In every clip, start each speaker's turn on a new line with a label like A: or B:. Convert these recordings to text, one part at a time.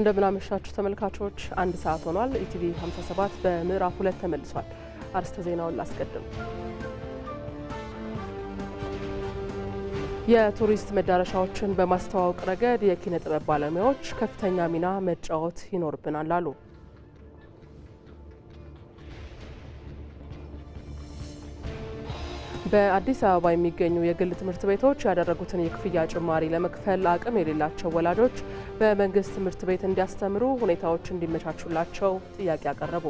A: እንደምናመሻችሁ ተመልካቾች፣ አንድ ሰዓት ሆኗል። ኢቲቪ 57 በምዕራፍ ሁለት ተመልሷል። አርስተ ዜናውን ላስቀድም። የቱሪስት መዳረሻዎችን በማስተዋወቅ ረገድ የኪነ ጥበብ ባለሙያዎች ከፍተኛ ሚና መጫወት ይኖርብናል አሉ። በአዲስ አበባ የሚገኙ የግል ትምህርት ቤቶች ያደረጉትን የክፍያ ጭማሪ ለመክፈል አቅም የሌላቸው ወላጆች በመንግስት ትምህርት ቤት እንዲያስተምሩ ሁኔታዎች እንዲመቻቹላቸው ጥያቄ አቀረቡ።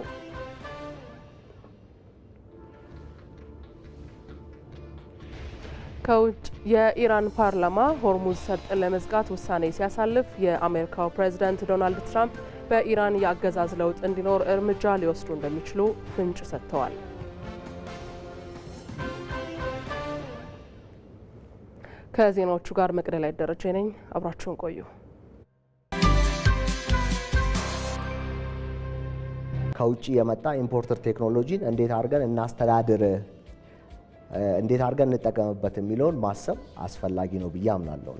A: ከውጭ የኢራን ፓርላማ ሆርሙዝ ሰርጥን ለመዝጋት ውሳኔ ሲያሳልፍ የአሜሪካው ፕሬዝደንት ዶናልድ ትራምፕ በኢራን የአገዛዝ ለውጥ እንዲኖር እርምጃ ሊወስዱ እንደሚችሉ ፍንጭ ሰጥተዋል። ከዜናዎቹ ጋር መቅደላይ ደረጀ ነኝ። አብራችሁን ቆዩ።
B: ከውጭ የመጣ ኢምፖርተር ቴክኖሎጂን እንዴት አድርገን እናስተዳድር፣ እንዴት አድርገን እንጠቀምበት የሚለውን ማሰብ አስፈላጊ ነው ብዬ አምናለሁ።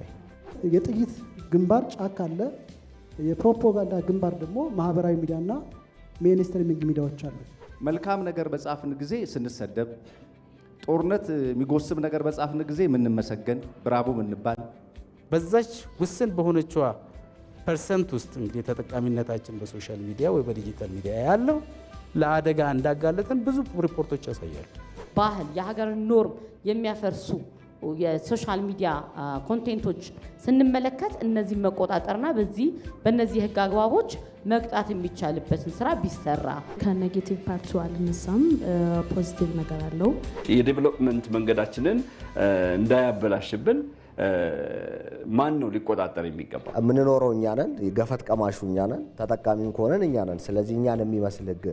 C: የጥይት ግንባር ጫካ አለ። የፕሮፓጋንዳ ግንባር ደግሞ ማህበራዊ ሚዲያና ሜንስትሪሚንግ ሚዲያዎች አሉ።
D: መልካም ነገር በጻፍን ጊዜ ስንሰደብ ጦርነት የሚጎስም ነገር በጻፍን ጊዜ የምንመሰገን ብራቡ ምንባል በዛች ውስን በሆነችዋ ፐርሰንት ውስጥ እንግዲህ ተጠቃሚነታችን በሶሻል ሚዲያ ወይ በዲጂታል ሚዲያ ያለው ለአደጋ እንዳጋለጠን ብዙ ሪፖርቶች ያሳያሉ።
E: ባህል የሀገርን ኖርም የሚያፈርሱ የሶሻል ሚዲያ ኮንቴንቶች ስንመለከት እነዚህ መቆጣጠርና በዚህ በእነዚህ የህግ አግባቦች መቅጣት የሚቻልበትን ስራ ቢሰራ
F: ከኔጌቲቭ ፓርቱ አልነሳም፣ ፖዚቲቭ ነገር አለው።
G: የዴቨሎፕመንት መንገዳችንን እንዳያበላሽብን ማን ነው ሊቆጣጠር የሚገባ?
H: የምንኖረው እኛ ነን። ገፈት ቀማሹ እኛ ነን። ተጠቃሚም ከሆነን እኛ ነን። ስለዚህ እኛን የሚመስል ህግ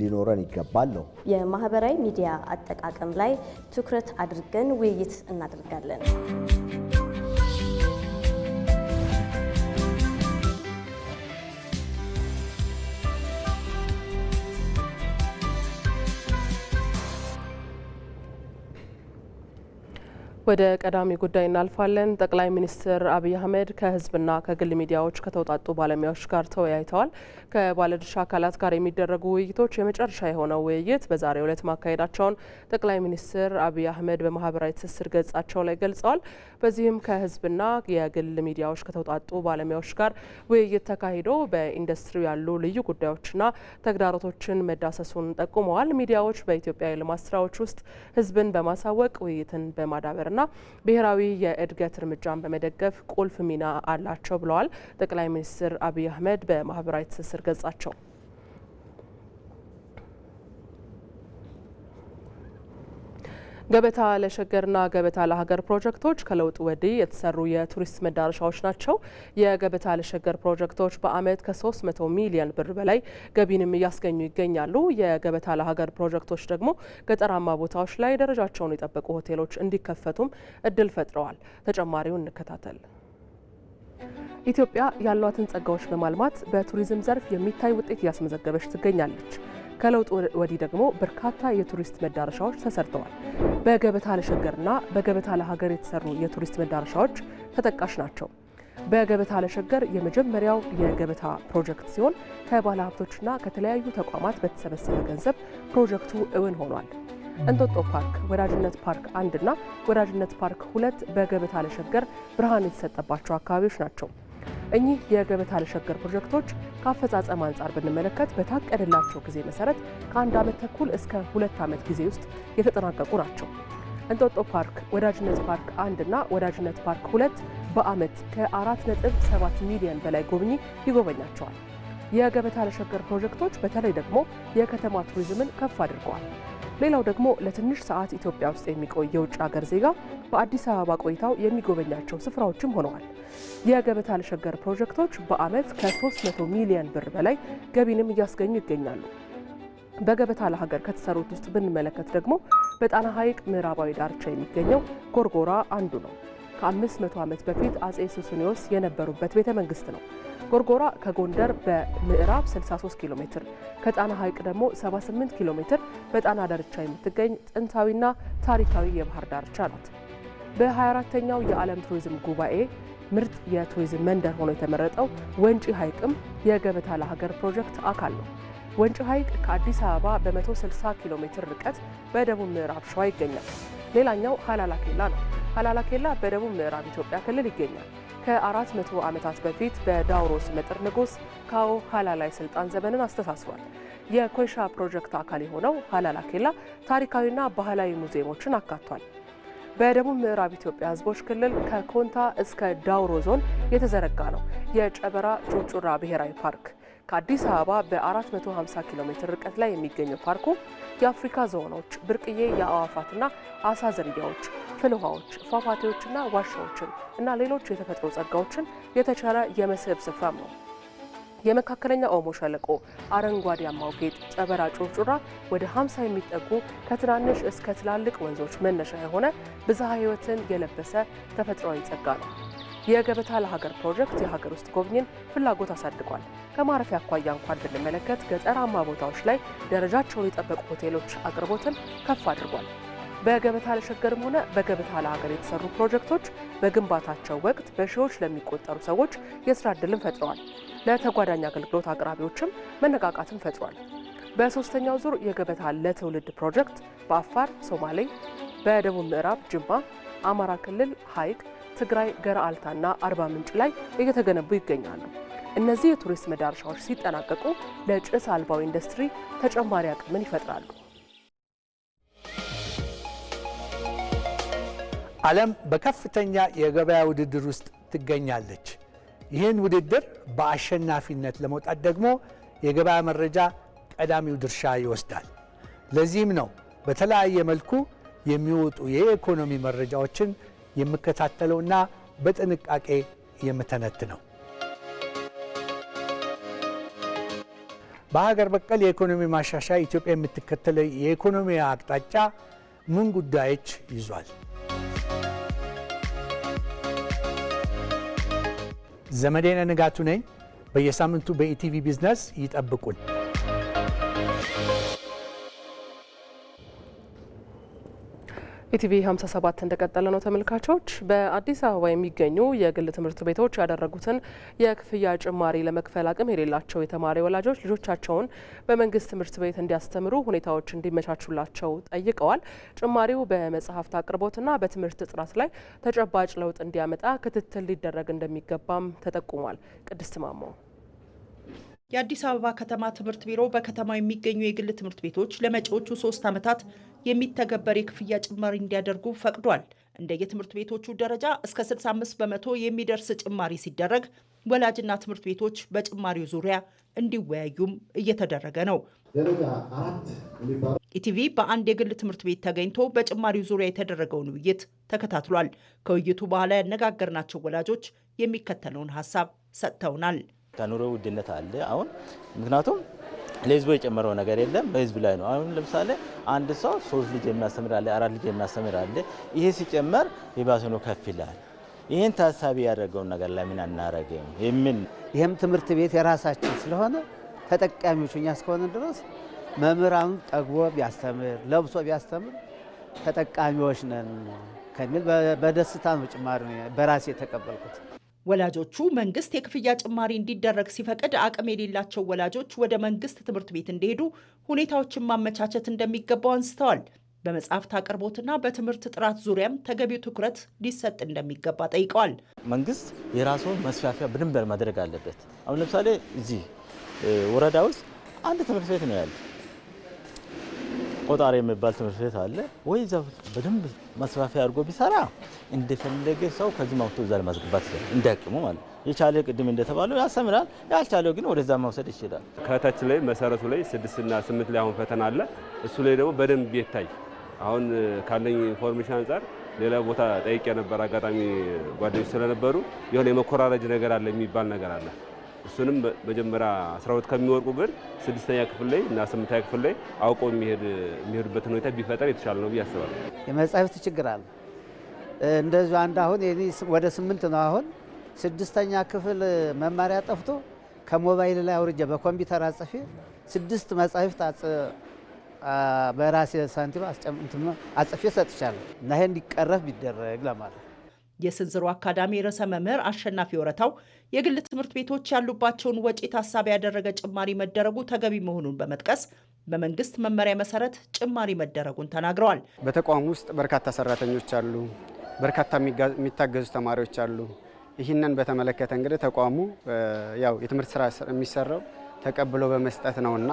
H: ሊኖረን ይገባል ነው።
I: የማህበራዊ ሚዲያ አጠቃቀም ላይ ትኩረት አድርገን ውይይት እናደርጋለን።
A: ወደ ቀዳሚ ጉዳይ እናልፋለን። ጠቅላይ ሚኒስትር አብይ አህመድ ከህዝብና ከግል ሚዲያዎች ከተውጣጡ ባለሙያዎች ጋር ተወያይተዋል። ከባለድርሻ አካላት ጋር የሚደረጉ ውይይቶች የመጨረሻ የሆነው ውይይት በዛሬው ዕለት ማካሄዳቸውን ጠቅላይ ሚኒስትር አብይ አህመድ በማህበራዊ ትስስር ገጻቸው ላይ ገልጸዋል። በዚህም ከህዝብና የግል ሚዲያዎች ከተውጣጡ ባለሙያዎች ጋር ውይይት ተካሂዶ በኢንዱስትሪው ያሉ ልዩ ጉዳዮችና ተግዳሮቶችን መዳሰሱን ጠቁመዋል። ሚዲያዎች በኢትዮጵያ የልማት ስራዎች ውስጥ ህዝብን በማሳወቅ ውይይትን በማዳበር ማስፋፋትና ብሔራዊ የእድገት እርምጃን በመደገፍ ቁልፍ ሚና አላቸው ብለዋል። ጠቅላይ ሚኒስትር አብይ አህመድ በማህበራዊ ትስስር ገጻቸው ገበታ ለሸገርና ገበታ ለሀገር ፕሮጀክቶች ከለውጥ ወዲህ የተሰሩ የቱሪስት መዳረሻዎች ናቸው። የገበታ ለሸገር ፕሮጀክቶች በአመት ከ300 ሚሊዮን ብር በላይ ገቢንም እያስገኙ ይገኛሉ። የገበታ ለሀገር ፕሮጀክቶች ደግሞ ገጠራማ ቦታዎች ላይ ደረጃቸውን የጠበቁ ሆቴሎች እንዲከፈቱም እድል ፈጥረዋል። ተጨማሪውን እንከታተል። ኢትዮጵያ ያሏትን ጸጋዎች በማልማት በቱሪዝም ዘርፍ የሚታይ ውጤት እያስመዘገበች ትገኛለች። ከለውጥ ወዲህ ደግሞ በርካታ የቱሪስት መዳረሻዎች ተሰርተዋል። በገበታ ለሸገርና በገበታ ለሀገር የተሰሩ የቱሪስት መዳረሻዎች ተጠቃሽ ናቸው። በገበታ ለሸገር የመጀመሪያው የገበታ ፕሮጀክት ሲሆን ከባለ ሀብቶችና ከተለያዩ ተቋማት በተሰበሰበ ገንዘብ ፕሮጀክቱ እውን ሆኗል። እንጦጦ ፓርክ፣ ወዳጅነት ፓርክ አንድና ወዳጅነት ፓርክ ሁለት በገበታ ለሸገር ብርሃን የተሰጠባቸው አካባቢዎች ናቸው። እኚህ የገበታ ለሸገር ፕሮጀክቶች ከአፈጻጸም አንጻር ብንመለከት በታቀደላቸው ጊዜ መሰረት ከአንድ ዓመት ተኩል እስከ ሁለት ዓመት ጊዜ ውስጥ የተጠናቀቁ ናቸው። እንጦጦ ፓርክ፣ ወዳጅነት ፓርክ እና ወዳጅነት ፓርክ ሁለት በዓመት ከ4.7 ሚሊዮን በላይ ጎብኚ ይጎበኛቸዋል። የገበታ ለሸገር ፕሮጀክቶች በተለይ ደግሞ የከተማ ቱሪዝምን ከፍ አድርገዋል። ሌላው ደግሞ ለትንሽ ሰዓት ኢትዮጵያ ውስጥ የሚቆይ የውጭ ሀገር ዜጋ በአዲስ አበባ ቆይታው የሚጎበኛቸው ስፍራዎችም ሆነዋል። የገበታ ለሸገር ፕሮጀክቶች በዓመት ከ300 ሚሊዮን ብር በላይ ገቢንም እያስገኙ ይገኛሉ። በገበታ ለሀገር ከተሰሩት ውስጥ ብንመለከት ደግሞ በጣና ሐይቅ ምዕራባዊ ዳርቻ የሚገኘው ጎርጎራ አንዱ ነው። ከ500 ዓመት በፊት አጼ ሱስንዮስ የነበሩበት ቤተ መንግስት ነው። ጎርጎራ ከጎንደር በምዕራብ 63 ኪሎ ሜትር፣ ከጣና ሐይቅ ደግሞ 78 ኪሎ ሜትር በጣና ዳርቻ የምትገኝ ጥንታዊና ታሪካዊ የባህር ዳርቻ ናት። 24 ተኛው የዓለም ቱሪዝም ጉባኤ ምርጥ የቱሪዝም መንደር ሆኖ የተመረጠው ወንጪ ሐይቅም የገበታ ለሀገር ፕሮጀክት አካል ነው። ወንጪ ሐይቅ ከአዲስ አበባ በ160 ኪሎ ሜትር ርቀት በደቡብ ምዕራብ ሸዋ ይገኛል። ሌላኛው ሀላላ ኬላ ነው። ሀላላ ኬላ በደቡብ ምዕራብ ኢትዮጵያ ክልል ይገኛል። ከአራት መቶ ዓመታት በፊት በዳውሮ ስመጥር ንጉሥ ካዎ ሃላላይ ስልጣን ዘመንን አስተሳስሯል። የኮይሻ ፕሮጀክት አካል የሆነው ሃላላ ኬላ ታሪካዊና ባህላዊ ሙዚየሞችን አካቷል። በደቡብ ምዕራብ ኢትዮጵያ ሕዝቦች ክልል ከኮንታ እስከ ዳውሮ ዞን የተዘረጋ ነው የጨበራ ጩርጩራ ብሔራዊ ፓርክ ከአዲስ አበባ በ450 ኪሎ ሜትር ርቀት ላይ የሚገኘው ፓርኩ የአፍሪካ ዝሆኖች፣ ብርቅዬ የአዕዋፋትና አሳ ዝርያዎች፣ ውሃዎች ፏፏቴዎችና ዋሻዎችን እና ሌሎች የተፈጥሮ ጸጋዎችን የተቻለ የመስህብ ስፍራም ነው። የመካከለኛ ኦሞ ሸለቆ አረንጓዴያማው ጌጥ ጨበራ ጩርጩራ ወደ 50 የሚጠጉ ከትናንሽ እስከ ትላልቅ ወንዞች መነሻ የሆነ ብዝሃ ሕይወትን የለበሰ ተፈጥሯዊ ጸጋ ነው። የገበታ ለሀገር ፕሮጀክት የሀገር ውስጥ ጎብኝን ፍላጎት አሳድጓል። ከማረፊያ አኳያ እንኳን ብንመለከት ገጠራማ ቦታዎች ላይ ደረጃቸውን የጠበቁ ሆቴሎች አቅርቦትን ከፍ አድርጓል። በገበታ ለሸገርም ሆነ በገበታ ለሀገር የተሰሩ ፕሮጀክቶች በግንባታቸው ወቅት በሺዎች ለሚቆጠሩ ሰዎች የስራ እድልን ፈጥረዋል። ለተጓዳኝ አገልግሎት አቅራቢዎችም መነቃቃትን ፈጥሯል። በሶስተኛው ዙር የገበታ ለትውልድ ፕሮጀክት በአፋር፣ ሶማሌ፣ በደቡብ ምዕራብ ጅማ፣ አማራ ክልል ሀይቅ ትግራይ፣ ና አርባ ምንጭ ላይ እየተገነቡ ይገኛሉ። እነዚህ የቱሪስት መዳረሻዎች ሲጠናቀቁ ለጭስ አልባው ኢንዱስትሪ ተጨማሪ አቅምን ይፈጥራሉ።
J: ዓለም በከፍተኛ የገበያ ውድድር ውስጥ ትገኛለች። ይህን ውድድር በአሸናፊነት ለመውጣት ደግሞ የገበያ መረጃ ቀዳሚው ድርሻ ይወስዳል። ለዚህም ነው በተለያየ መልኩ የሚወጡ የኢኮኖሚ መረጃዎችን የምከታተለውና በጥንቃቄ የምተነት ነው። በሀገር በቀል የኢኮኖሚ ማሻሻያ ኢትዮጵያ የምትከተለው የኢኮኖሚ አቅጣጫ ምን ጉዳዮች ይዟል? ዘመዴነ ንጋቱ ነኝ። በየሳምንቱ በኢቲቪ ቢዝነስ ይጠብቁን።
A: ኢቲቪ 57 እንደቀጠለ ነው ተመልካቾች። በአዲስ አበባ የሚገኙ የግል ትምህርት ቤቶች ያደረጉትን የክፍያ ጭማሪ ለመክፈል አቅም የሌላቸው የተማሪ ወላጆች ልጆቻቸውን በመንግስት ትምህርት ቤት እንዲያስተምሩ ሁኔታዎች እንዲመቻቹላቸው ጠይቀዋል። ጭማሪው በመጽሐፍት አቅርቦትና በትምህርት ጥራት ላይ ተጨባጭ ለውጥ እንዲያመጣ ክትትል ሊደረግ እንደሚገባም ተጠቁሟል። ቅድስት ማሞ
K: የአዲስ አበባ ከተማ ትምህርት ቢሮ በከተማው የሚገኙ የግል ትምህርት ቤቶች ለመጪዎቹ ሶስት ዓመታት የሚተገበር የክፍያ ጭማሪ እንዲያደርጉ ፈቅዷል። እንደየትምህርት ቤቶቹ ደረጃ እስከ 65 በመቶ የሚደርስ ጭማሪ ሲደረግ ወላጅና ትምህርት ቤቶች በጭማሪው ዙሪያ እንዲወያዩም እየተደረገ ነው። ኢቲቪ በአንድ የግል ትምህርት ቤት ተገኝቶ በጭማሪው ዙሪያ የተደረገውን ውይይት ተከታትሏል። ከውይይቱ በኋላ ያነጋገርናቸው ወላጆች የሚከተለውን ሀሳብ ሰጥተውናል።
L: ከኑሮ ውድነት አለ አሁን ምክንያቱም ለህዝቡ የጨመረው ነገር የለም፣ በህዝብ ላይ ነው። አሁን ለምሳሌ አንድ ሰው ሶስት ልጅ የሚያስተምር አለ፣ አራት ልጅ የሚያስተምር አለ። ይሄ ሲጨመር የባሰ ነው ከፍ ይላል። ይህን ታሳቢ ያደረገውን ነገር ለምን አናረግም የሚል
M: ይህም ትምህርት ቤት የራሳችን ስለሆነ ተጠቃሚዎቹ እኛ እስከሆነ ድረስ መምህራኑ ጠግቦ ቢያስተምር ለብሶ ቢያስተምር ተጠቃሚዎች ነን ከሚል በደስታ ነው ጭማሪ በራሴ የተቀበልኩት።
K: ወላጆቹ መንግስት የክፍያ ጭማሪ እንዲደረግ ሲፈቅድ አቅም የሌላቸው ወላጆች ወደ መንግስት ትምህርት ቤት እንዲሄዱ ሁኔታዎችን ማመቻቸት እንደሚገባው አንስተዋል። በመጽሐፍት አቅርቦትና በትምህርት ጥራት ዙሪያም ተገቢው ትኩረት ሊሰጥ እንደሚገባ ጠይቀዋል።
N: መንግስት የራሱን መስፋፊያ ብድንበር ማድረግ አለበት። አሁን ለምሳሌ እዚህ ወረዳ ውስጥ አንድ ትምህርት ቤት ነው ያለ ቆጣሪ የሚባል ትምህርት ቤት አለ ወይ? እዛ በደንብ መስፋፊያ አድርጎ ቢሰራ እንደፈለገ ሰው ከዚህ ማውቶ እዛ ለማስገባት ይችላል፣ እንዳቅሙ ማለት የቻለ ቅድም እንደተባለው ያስተምራል፣ ያልቻለው ግን ወደዛ መውሰድ ይችላል።
O: ከታች ላይ መሰረቱ ላይ ስድስትና ስምንት ላይ አሁን ፈተና አለ። እሱ ላይ ደግሞ በደንብ ይታይ። አሁን ካለኝ ኢንፎርሜሽን አንጻር ሌላ ቦታ ጠይቄ ነበር፣ አጋጣሚ ጓደኞች ስለነበሩ የሆነ የመኮራረጅ ነገር አለ የሚባል ነገር አለ እሱንም መጀመሪያ 12 ከሚወርቁ ግን ስድስተኛ ክፍል ላይ እና ስምንተኛ ክፍል ላይ አውቆ የሚሄዱበትን ሁኔታ ቢፈጠር የተሻለ ነው ብዬ አስባለሁ።
P: የመጻሕፍት ችግር አለ። እንደዚሁ አንድ አሁን ወደ ስምንት ነው። አሁን ስድስተኛ ክፍል መማሪያ ጠፍቶ ከሞባይል ላይ አውርጄ በኮምፒውተር አጽፌ ስድስት መጻሕፍት በራሴ ሳንቲም አጽፌ ሰጥቻለሁ እና ይሄ እንዲቀረፍ ቢደረግ ለማለት
K: የስንዝሮ አካዳሚ ርዕሰ መምህር አሸናፊ ወረታው የግል ትምህርት ቤቶች ያሉባቸውን ወጪ ታሳቢ ያደረገ ጭማሪ መደረጉ ተገቢ መሆኑን በመጥቀስ በመንግስት መመሪያ መሰረት ጭማሪ መደረጉን ተናግረዋል።
Q: በተቋም ውስጥ በርካታ ሰራተኞች አሉ፣ በርካታ የሚታገዙ ተማሪዎች አሉ። ይህንን በተመለከተ እንግዲህ ተቋሙ ያው የትምህርት ስራ የሚሰራው ተቀብሎ በመስጠት ነውና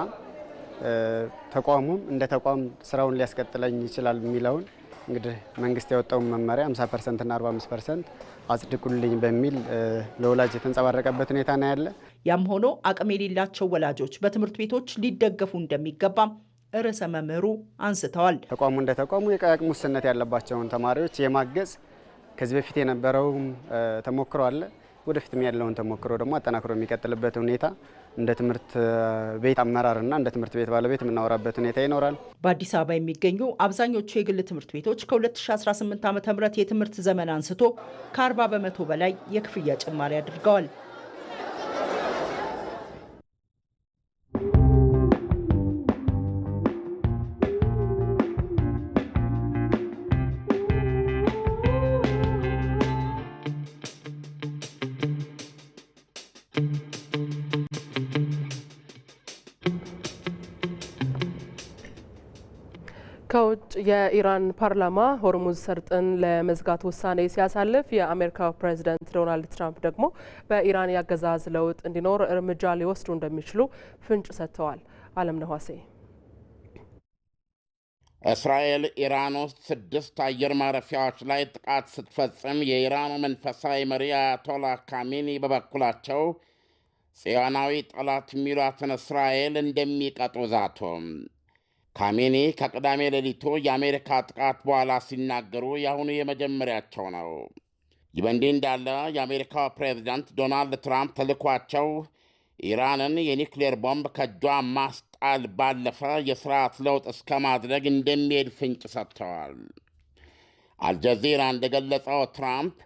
Q: ተቋሙም እንደ ተቋም ስራውን ሊያስቀጥለኝ ይችላል የሚለውን እንግዲህ መንግስት ያወጣውን መመሪያ 50 እና 45 ፐርሰንት አጽድቁልኝ በሚል ለወላጅ የተንጸባረቀበት ሁኔታ ነው ያለ።
K: ያም ሆኖ አቅም የሌላቸው ወላጆች በትምህርት ቤቶች ሊደገፉ እንደሚገባም ርዕሰ መምህሩ አንስተዋል።
R: ተቋሙ እንደ ተቋሙ የአቅም ውስንነት ያለባቸውን ተማሪዎች የማገዝ ከዚህ በፊት የነበረውም ተሞክሮ አለ። ወደፊትም ያለውን ተሞክሮ ደግሞ አጠናክሮ የሚቀጥልበት ሁኔታ እንደ ትምህርት ቤት አመራርና እንደ ትምህርት ቤት ባለቤት የምናወራበት ሁኔታ ይኖራል።
K: በአዲስ አበባ የሚገኙ አብዛኞቹ የግል ትምህርት ቤቶች ከ2018 ዓ ም የትምህርት ዘመን አንስቶ ከ40 በመቶ በላይ የክፍያ ጭማሪ አድርገዋል።
A: ከውጭ የኢራን ፓርላማ ሆርሙዝ ሰርጥን ለመዝጋት ውሳኔ ሲያሳልፍ የአሜሪካው ፕሬዚደንት ዶናልድ ትራምፕ ደግሞ በኢራን የአገዛዝ ለውጥ እንዲኖር እርምጃ ሊወስዱ እንደሚችሉ ፍንጭ ሰጥተዋል። አለም ዋሴ
S: እስራኤል ኢራን ውስጥ ስድስት አየር ማረፊያዎች ላይ ጥቃት ስትፈጽም የኢራኑ መንፈሳዊ መሪ አያቶላ ካሚኒ በበኩላቸው ጽዮናዊ ጠላት የሚሏትን እስራኤል እንደሚቀጡ ዛቱ። ካሜኒ ከቅዳሜ ሌሊቱ የአሜሪካ ጥቃት በኋላ ሲናገሩ የአሁኑ የመጀመሪያቸው ነው። ይህ በእንዲህ እንዳለ የአሜሪካው ፕሬዚዳንት ዶናልድ ትራምፕ ተልኳቸው ኢራንን የኒውክሌር ቦምብ ከእጇ ማስጣል ባለፈ የሥርዓት ለውጥ እስከ ማድረግ እንደሚሄድ ፍንጭ ሰጥተዋል። አልጀዚራ እንደገለጸው ትራምፕ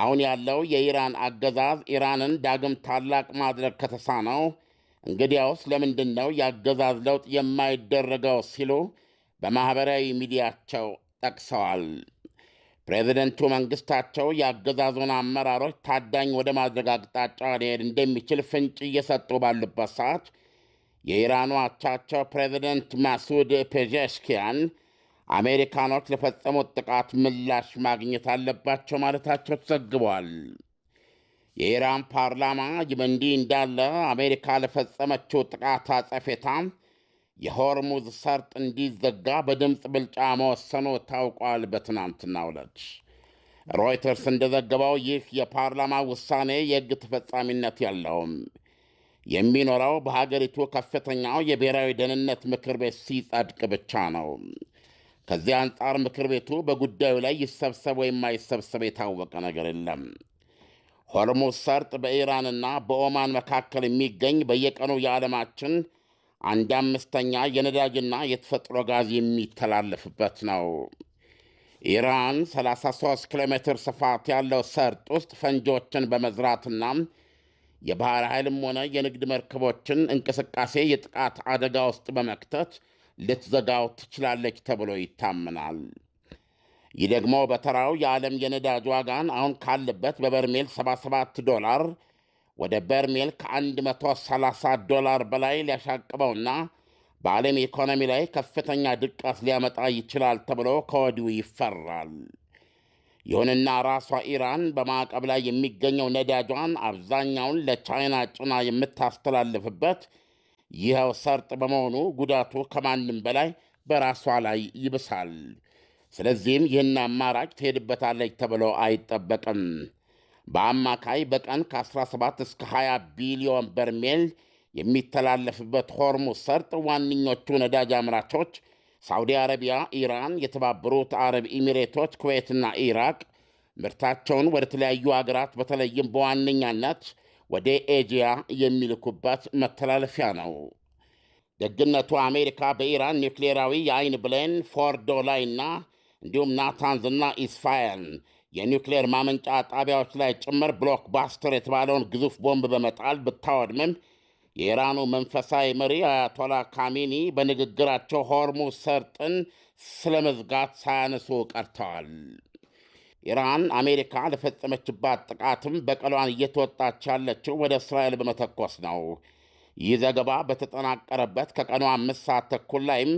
S: አሁን ያለው የኢራን አገዛዝ ኢራንን ዳግም ታላቅ ማድረግ ከተሳነው እንግዲያውስ ለምንድን ነው የአገዛዝ ለውጥ የማይደረገው ሲሉ በማኅበራዊ ሚዲያቸው ጠቅሰዋል። ፕሬዚደንቱ መንግሥታቸው የአገዛዙን አመራሮች ታዳኝ ወደ ማድረግ አቅጣጫ ሊሄድ እንደሚችል ፍንጭ እየሰጡ ባሉበት ሰዓት የኢራኑ አቻቸው ፕሬዚደንት ማሱድ ፔዠሽኪያን አሜሪካኖች ለፈጸሙት ጥቃት ምላሽ ማግኘት አለባቸው ማለታቸው ተዘግቧል። የኢራን ፓርላማ ይህ በእንዲህ እንዳለ አሜሪካ ለፈጸመችው ጥቃት አጸፌታ የሆርሙዝ ሰርጥ እንዲዘጋ በድምፅ ብልጫ መወሰኑ ታውቋል። በትናንትና ዕለት ሮይተርስ እንደዘገበው ይህ የፓርላማ ውሳኔ የሕግ ተፈጻሚነት ያለውም የሚኖረው በሀገሪቱ ከፍተኛው የብሔራዊ ደህንነት ምክር ቤት ሲጸድቅ ብቻ ነው። ከዚህ አንጻር ምክር ቤቱ በጉዳዩ ላይ ይሰብሰብ ወይም አይሰብሰብ የታወቀ ነገር የለም። ሆርሙዝ ሰርጥ በኢራንና በኦማን መካከል የሚገኝ በየቀኑ የዓለማችን አንድ አምስተኛ የነዳጅና የተፈጥሮ ጋዝ የሚተላለፍበት ነው። ኢራን 33 ኪሎ ሜትር ስፋት ያለው ሰርጥ ውስጥ ፈንጂዎችን በመዝራትና የባህር ኃይልም ሆነ የንግድ መርከቦችን እንቅስቃሴ የጥቃት አደጋ ውስጥ በመክተት ልትዘጋው ትችላለች ተብሎ ይታመናል። ይህ ደግሞ በተራው የዓለም የነዳጅ ዋጋን አሁን ካለበት በበርሜል 77 ዶላር ወደ በርሜል ከ130 ዶላር በላይ ሊያሻቅበውና በዓለም ኢኮኖሚ ላይ ከፍተኛ ድቀት ሊያመጣ ይችላል ተብሎ ከወዲሁ ይፈራል። ይሁንና ራሷ ኢራን በማዕቀብ ላይ የሚገኘው ነዳጇን አብዛኛውን ለቻይና ጭና የምታስተላልፍበት ይኸው ሰርጥ በመሆኑ ጉዳቱ ከማንም በላይ በራሷ ላይ ይብሳል። ስለዚህም ይህን አማራጭ ትሄድበታለች ተብሎ አይጠበቅም። በአማካይ በቀን ከ17 እስከ 20 ቢሊዮን በርሜል የሚተላለፍበት ሆርሙዝ ሰርጥ ዋነኞቹ ነዳጅ አምራቾች ሳውዲ አረቢያ፣ ኢራን፣ የተባበሩት አረብ ኤሚሬቶች፣ ኩዌትና ኢራቅ ምርታቸውን ወደ ተለያዩ አገራት በተለይም በዋነኛነት ወደ ኤጂያ የሚልኩበት መተላለፊያ ነው። ደግነቱ አሜሪካ በኢራን ኒውክሌራዊ የአይን ብሌን ፎርዶ ላይና እንዲሁም ናታንዝና ኢስፋያን የኒውክሌር ማመንጫ ጣቢያዎች ላይ ጭምር ብሎክ ባስተር የተባለውን ግዙፍ ቦምብ በመጣል ብታወድምም የኢራኑ መንፈሳዊ መሪ አያቶላ ካሚኒ በንግግራቸው ሆርሙዝ ሰርጥን ስለመዝጋት ሳያነሱ ቀርተዋል። ኢራን አሜሪካ ለፈጸመችባት ጥቃትም በቀሏን እየተወጣች ያለችው ወደ እስራኤል በመተኮስ ነው። ይህ ዘገባ በተጠናቀረበት ከቀኑ አምስት ሰዓት ተኩል ላይም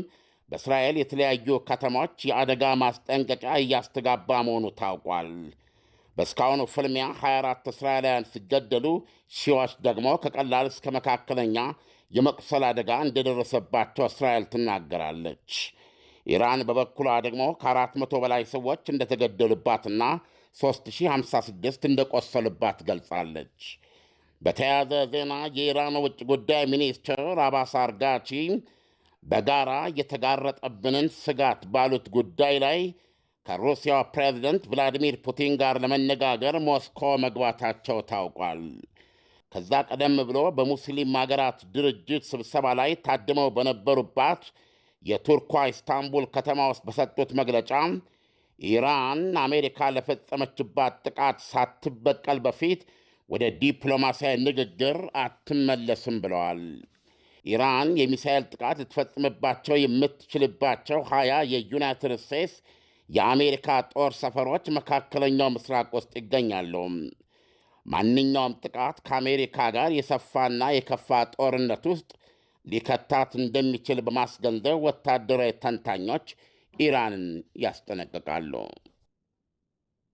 S: በእስራኤል የተለያዩ ከተሞች የአደጋ ማስጠንቀቂያ እያስተጋባ መሆኑ ታውቋል። በእስካሁኑ ፍልሚያ 24 እስራኤላውያን ሲገደሉ ሺዎች ደግሞ ከቀላል እስከ መካከለኛ የመቁሰል አደጋ እንደደረሰባቸው እስራኤል ትናገራለች። ኢራን በበኩሏ ደግሞ ከ400 በላይ ሰዎች እንደተገደሉባትና 3056 እንደቆሰሉባት ገልጻለች። በተያያዘ ዜና የኢራን ውጭ ጉዳይ ሚኒስትር አባስ አርጋቺ በጋራ የተጋረጠብንን ስጋት ባሉት ጉዳይ ላይ ከሩሲያ ፕሬዝደንት ቭላዲሚር ፑቲን ጋር ለመነጋገር ሞስኮ መግባታቸው ታውቋል። ከዛ ቀደም ብሎ በሙስሊም አገራት ድርጅት ስብሰባ ላይ ታድመው በነበሩባት የቱርኳ ኢስታንቡል ከተማ ውስጥ በሰጡት መግለጫ ኢራን አሜሪካ ለፈጸመችባት ጥቃት ሳትበቀል በፊት ወደ ዲፕሎማሲያዊ ንግግር አትመለስም ብለዋል። ኢራን የሚሳኤል ጥቃት ልትፈጽምባቸው የምትችልባቸው ሀያ የዩናይትድ ስቴትስ የአሜሪካ ጦር ሰፈሮች መካከለኛው ምስራቅ ውስጥ ይገኛሉ። ማንኛውም ጥቃት ከአሜሪካ ጋር የሰፋና የከፋ ጦርነት ውስጥ ሊከታት እንደሚችል በማስገንዘብ ወታደራዊ ተንታኞች ኢራንን ያስጠነቅቃሉ።